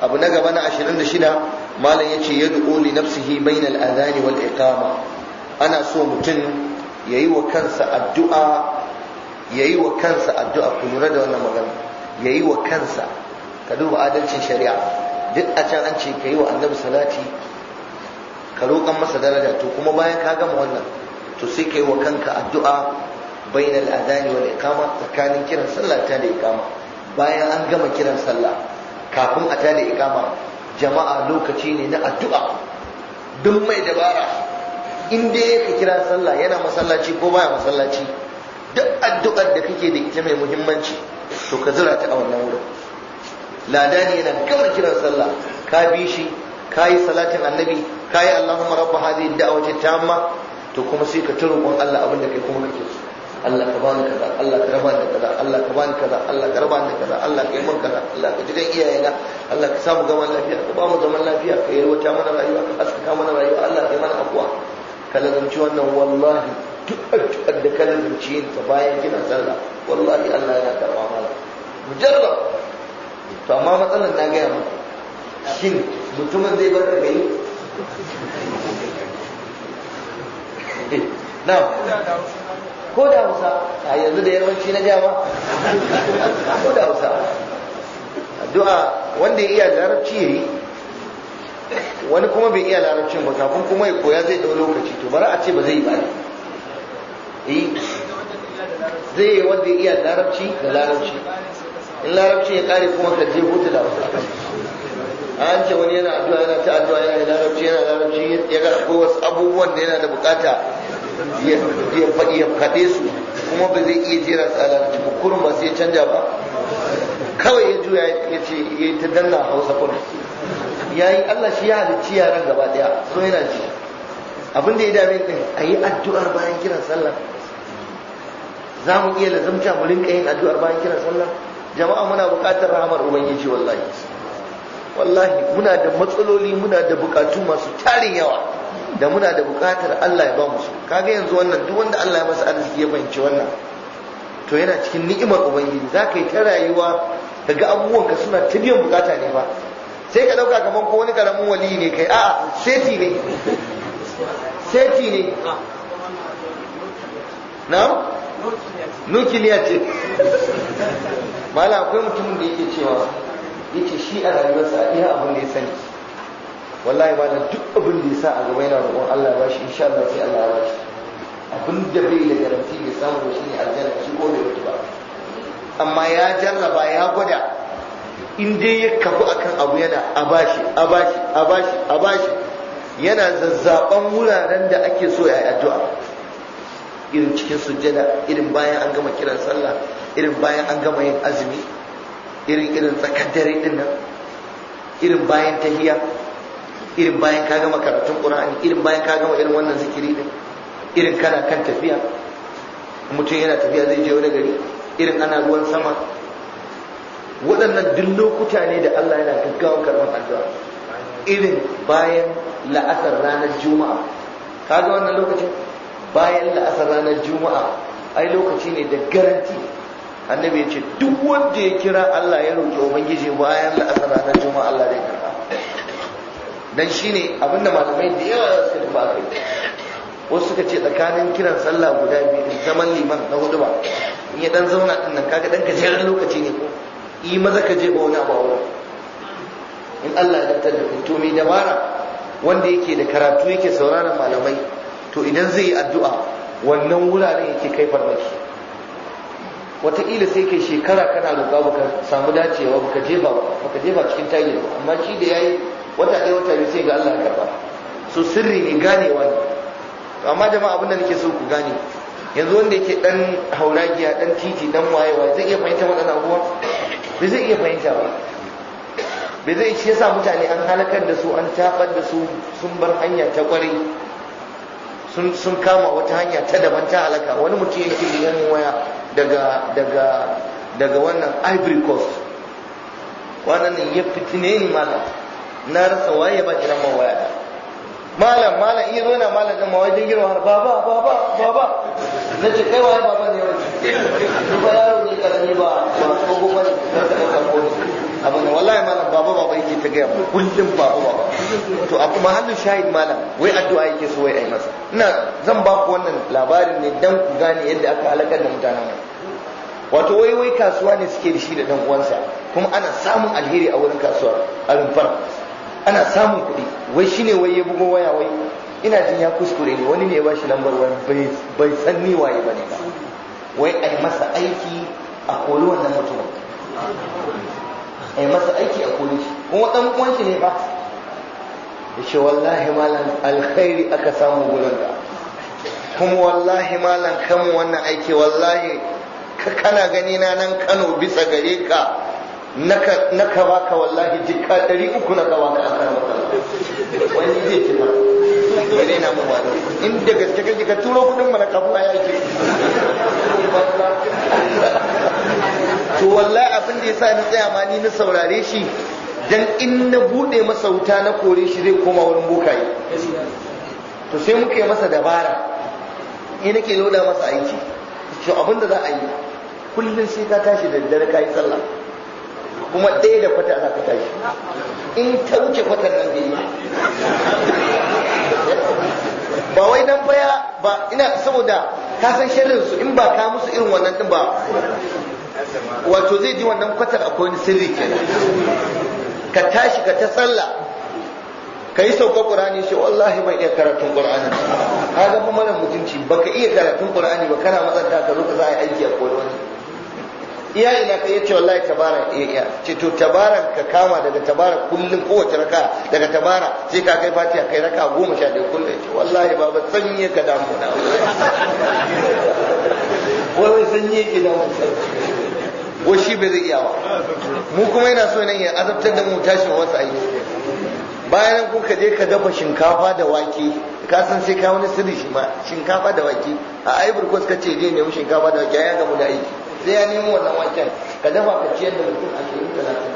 abu na gaba na 26 malam yace yad'u li nafsihi bainal adhan wal iqama ana so mutum yayi wa kansa addu'a yayi wa kansa addu'a ku lura da wannan magana yayi wa kansa ka duba adalcin shari'a duk a can an ce ka wa annabi salati ka roƙan masa daraja to kuma bayan ka gama wannan to sai ka yi wa kanka addu'a bainal adhan wal iqama tsakanin kiran sallah ta da iqama bayan an gama kiran sallah kafin a tada ikama jama'a lokaci ne na addu'a duk mai dabara in dai fi kira sallah yana masallaci ko baya masallaci duk addu'ar da kake da ita mai muhimmanci to ka zira ta a wannan wurin ladani yana gawar kiran sallah ka bi shi ka yi salatin annabi ka yi allahumma rabba hadhihi da'wati tamma to kuma sai ka turo kun Allah abinda kai kuma kake so Allah ka bani kaza Allah ka raba kaza Allah ka bani kaza Allah ka raba kaza Allah ka yi mun kaza Allah ka jira iyayena Allah ka samu zaman lafiya ka ba mu zaman lafiya ka yi wata mana rayuwa ka haskaka mana rayuwa Allah ka yi mana abuwa ka lazumci wannan wallahi duk addu'ar da ka lazumci yin ta bayan kina sallah wallahi Allah yana karɓa mana mujarrab to amma matsalar na gaya maka shin mutumin zai bar ka yi na ko da hausa a yanzu da yarwanci na jawa ko da hausa addu'a wanda ya iya larabci ya yi wani kuma bai iya larabcin ba kafin kuma ya koya zai dau lokaci to bara a ce ba zai yi ba eh zai yi wanda ya iya larabci da larabci in larabci ya kare kuma ka je hutu da hausa an ce wani yana addu'a yana ta addu'a yana larabci yana larabci ya ga akwai wasu abubuwan da yana da bukata ya faɗe su kuma ba zai iya jera tsala kurun ba sai canja ba kawai ya juya ya ce ya ta danna hausa kuma ya yi allah shi ya halicci yaran gaba ɗaya, so yana ji abin ya dame ɗin a yi addu'ar bayan kiran sallah za mu iya lazamta mu rinka yin addu'ar bayan kiran sallah jama'a muna buƙatar rahamar ubangiji wallahi wallahi muna da matsaloli muna da buƙatu masu tarin yawa da muna da bukatar Allah ya ba mu su kaga yanzu wannan duk wanda Allah ya masa arziki ya fahimci wannan to yana cikin ni'imar ubangiji za ka yi ta rayuwa kaga abubuwanka suna ta biyan bukata ne ba sai ka ɗauka kamar ko wani karamin wali ne kai a'a seti ne seti ne na nukiliya ce mala akwai mutumin da yake cewa yace shi a rayuwarsa iya abin da ya sani wallahi ba da duk abin da ya sa a gaba yana roƙon Allah ba shi insha Allah sai Allah ba shi abin da bai da garanti bai samu shi ne aljanna shi ko bai mutu ba amma ya jarraba ya gwada in dai ya kafu akan abu yana a shi a shi a shi a shi yana zazzaban wuraren da ake so ya yi addu'a irin cikin sujjada irin bayan an gama kiran sallah irin bayan an gama yin azumi irin irin tsakar dare din nan irin bayan tahiya irin bayan ka gama karatun qur'ani irin bayan ka gama irin wannan zikiri din irin kana kan tafiya mutum yana tafiya zai je wani gari irin ana ruwan sama waɗannan duk lokuta ne da Allah yana gaggawan karɓar addu'a irin bayan la'asar ranar juma'a kaga wannan lokacin bayan la'asar ranar juma'a ai lokaci ne da garanti annabi ya ce duk wanda ya kira Allah ya roƙi ubangiji bayan la'asar ranar juma'a Allah zai karɓa dan shine abinda malamai da yawa suka tafi akai wasu suka ce tsakanin kiran sallah guda biyu zaman liman na hudu ba in ya dan zauna din nan kaga dan gajeren lokaci ne ko yi maza ka je ba wani abu a in Allah ya dantar da to mai dabara wanda yake da karatu yake sauraron malamai to idan zai yi addu'a wannan wuraren yake kai farmaki wataƙila sai kai shekara kana roƙa baka samu dacewa baka jefa baka ba cikin tagir amma shi da yayi wata ɗaya wata biyu sai ga Allah ya karɓa so sirri ne ganewa ne amma jama'a abin da nake so ku gane yanzu wanda yake dan hauragiya dan titi dan wayewa zai iya fahimta waɗannan abubuwa ba zai iya fahimta ba ba zai ce yasa mutane an halakar da su an tabar da su sun bar hanya ta kwarai sun kama wata hanya ta daban ta halaka wani mutum yake da waya daga daga daga wannan ivory coast wannan ya fitine ni malam na rasa waye ba kiran man waya malam malam iya zo na malam din mawa, din girma har baba baba baba na ce kai waye baba ne wani ba yaro ne karami ba ba ko ba ne na ta ɗaukar kodi abin da wallahi malam baba baba yake ta gaya mu kullum baba baba to a kuma hannun shahid malam wai addu'a yake so wai ai masa ina zan ba ku wannan labarin ne dan ku gane yadda aka halakar da mutanen mu wato wai wai kasuwa ne suke da shi da dan uwansa kuma ana samun alheri a wurin kasuwa a rumfar ana samun kuɗi wai shine wai ya bugo waya wai ina jin ya kuskure ne wani ne ya bashi lambar wani bai san ni waye bane ba wai ai masa aiki a koli wannan a ai masa aiki a koli shi kuma dan uwan shi ne ba yace wallahi malam alkhairi aka samu gurin da kuma wallahi malam kan wannan aiki wallahi kana gani na nan Kano bisa gare ka na ka baka wallahi jikka ɗari uku na gawa ka aka maka wani zai kina wani na mu wani in da gaske kake ka turo kudin mana kafin a yaki to wallahi abin da sa ni tsaya ma ni na saurare shi dan in na bude masa wuta na kore shi zai koma wurin bokaye to sai muka yi masa dabara Ina nake loda masa aiki to abin da za a yi kullum sai ka tashi da daddare ka yi sallah kuma ɗaya da kwata za ka tashi in ta wuce kwatar nan bai yi ba wai nan baya ba ina saboda ka san shirin su in ba ka musu irin wannan din ba wato zai ji wannan kwatar akwai wani sirri kenan ka tashi ka ta tsalla, ka yi sauka qur'ani shi wallahi ban iya karatun qur'ani ka ga fa mana mutunci baka iya karatun qur'ani ba kana matsanta ka zo ka za a yi aiki a koyar wani iya ina ka yace wallahi tabara iya ce to tabaran ka kama daga tabara kullun kowace raka daga tabara sai ka kai fatiha kai raka goma sha ɗaya kullun ce wallahi baba sanye ka damu na wallahi sanye ki damu ko shi bai zai iya ba mu kuma yana so nan ya azabtar da mu tashin wasu ayi bayan kun ka je ka dafa shinkafa da wake ka san sai ka wani sirri shi ma shinkafa da wake a ai ko suka ce je mu shinkafa da wake ya gamu da aiki sai ya nemo wannan wancan ka dafa ka ciyar da mutum a shirin talatin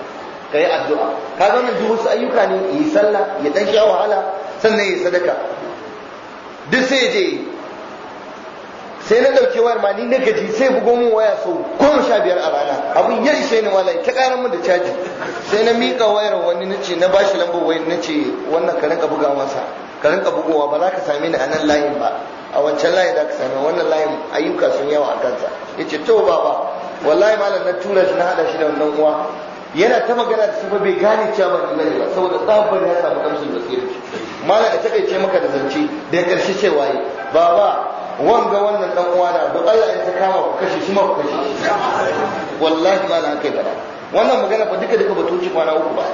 ka yi addu'a ka ga wannan duk wasu ayyuka ne yi sallah ya dan sha wahala sannan ya sadaka duk sai je sai na ɗauki wayar ma ni na gaji sai bugo mun waya sau goma sha biyar a rana abin ya ishe ni wallahi ta ƙara mun da caji sai na miƙa wayar wani na ce na ba shi lambar wayar na ce wannan ka rinka buga ka rinka bugowa ba za ka same ni a nan layin ba a wancan layi da aka sami wannan layin ayyuka sun yawa a kansa ya ce to baba wallahi malam na tura shi na hada shi da wannan uwa yana ta magana da sufa bai gane cewa ba ne ba saboda tsabar ya samu kamshin da malam a takaice maka da zance da ya karshe waye? ba baba wanga wannan dan uwa na, duk Allah ya ta kama ku kashe shi ma ku kashe wallahi malam haka ba wannan magana fa duka duka batoci kwana uku ba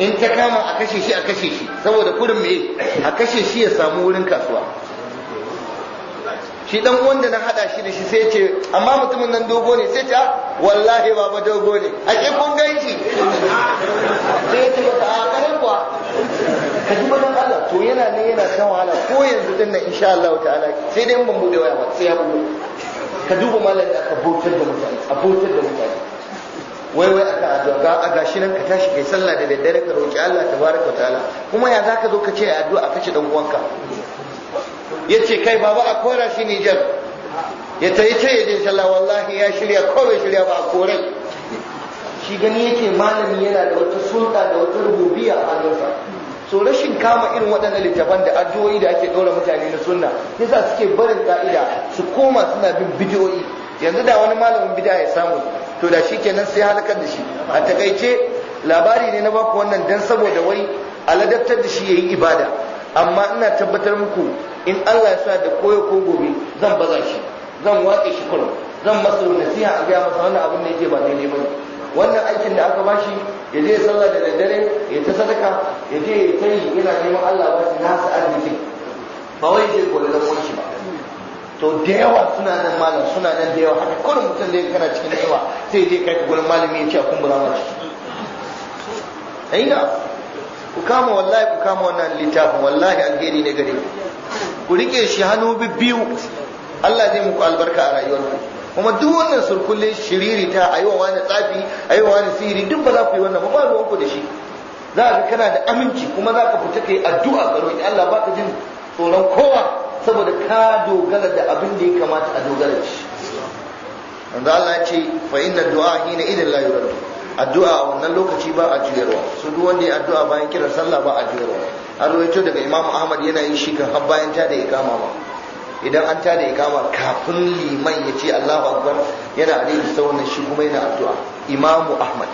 in ta kama a kashe shi a kashe shi saboda kurin me a kashe shi ya samu wurin kasuwa shi dan wanda na hada shi da shi sai ce amma mutumin nan dogo ne sai ce ah, wallahi baba dogo ne a ke kun gan shi sai ce ba a karen kuwa ka ji bayan Allah to yana ne yana shan wahala ko yanzu din nan insha Allah ta'ala sai dai ban bude waya ba sai ya bude ka duba malam da aka bautar da mutane a bautar da mutane wai wai aka addu'a a shi nan ka tashi kai sallah da daddare ka roki Allah tabaraka ta'ala kuma ya zaka zo ka ce addu'a ci dan uwanka ya ce kai baba a kora shi Nijar ya ta yi ce ya je wallahi ya shirya ko shirya ba a korai." shi gani yake malami yana da wata sulta da wata rububiya a hannunsa so rashin kama irin waɗannan littafan da addu'o'i da ake ɗora mutane na sunna yasa suke barin ka'ida su koma suna bin bidiyoyi yanzu da wani malamin bid'a ya samu to da shi kenan sai halakar da shi a takaice labari ne na baku wannan dan saboda wai a ladabtar da shi ya yi ibada amma ina tabbatar muku in Allah ya sa da koyo ko gobe zan baza shi zan watsa shi kurum zan masa nasiha a gaya masa wannan abin da yake ba daidai ba wannan aikin da aka bashi ya je sallah da daddare ya ta sadaka ya je ya tayi yana neman Allah ba shi nasa arziki ba wai zai kore da shi ba to da yawa suna nan malam suna nan da yawa haka kullum mutum da kana cikin yawa sai je kai ka gurin malami ya ce a kumbura ma shi ai ku kama wallahi ku kama wannan littafin wallahi alheri ne gare ku ku rike shi hannu biyu Allah zai muku albarka a rayuwar ku kuma duk wannan surkulle shiriri ta ayi wa tsafi ayi wa wani sihiri duk ba za ku yi wannan ba ba ruwan ku da shi za ka kana da aminci kuma za ka fita kai addu'a ga roƙi Allah baka jin tsoron kowa saboda ka dogara da abin da ya kamata a dogara shi. shi yanzu Allah ce fa inna du'a hina idan la yuradu addu'a wannan lokaci ba a juyarwa su duk wanda ya addu'a bayan kiran sallah ba a juyarwa an rawaito daga imamu ahmad yana yin shi kan har bayan ta da ikama ba idan an ta da ikama kafin liman ya ce allahu akbar yana alaihi sauran shi kuma yana addu'a imamu ahmad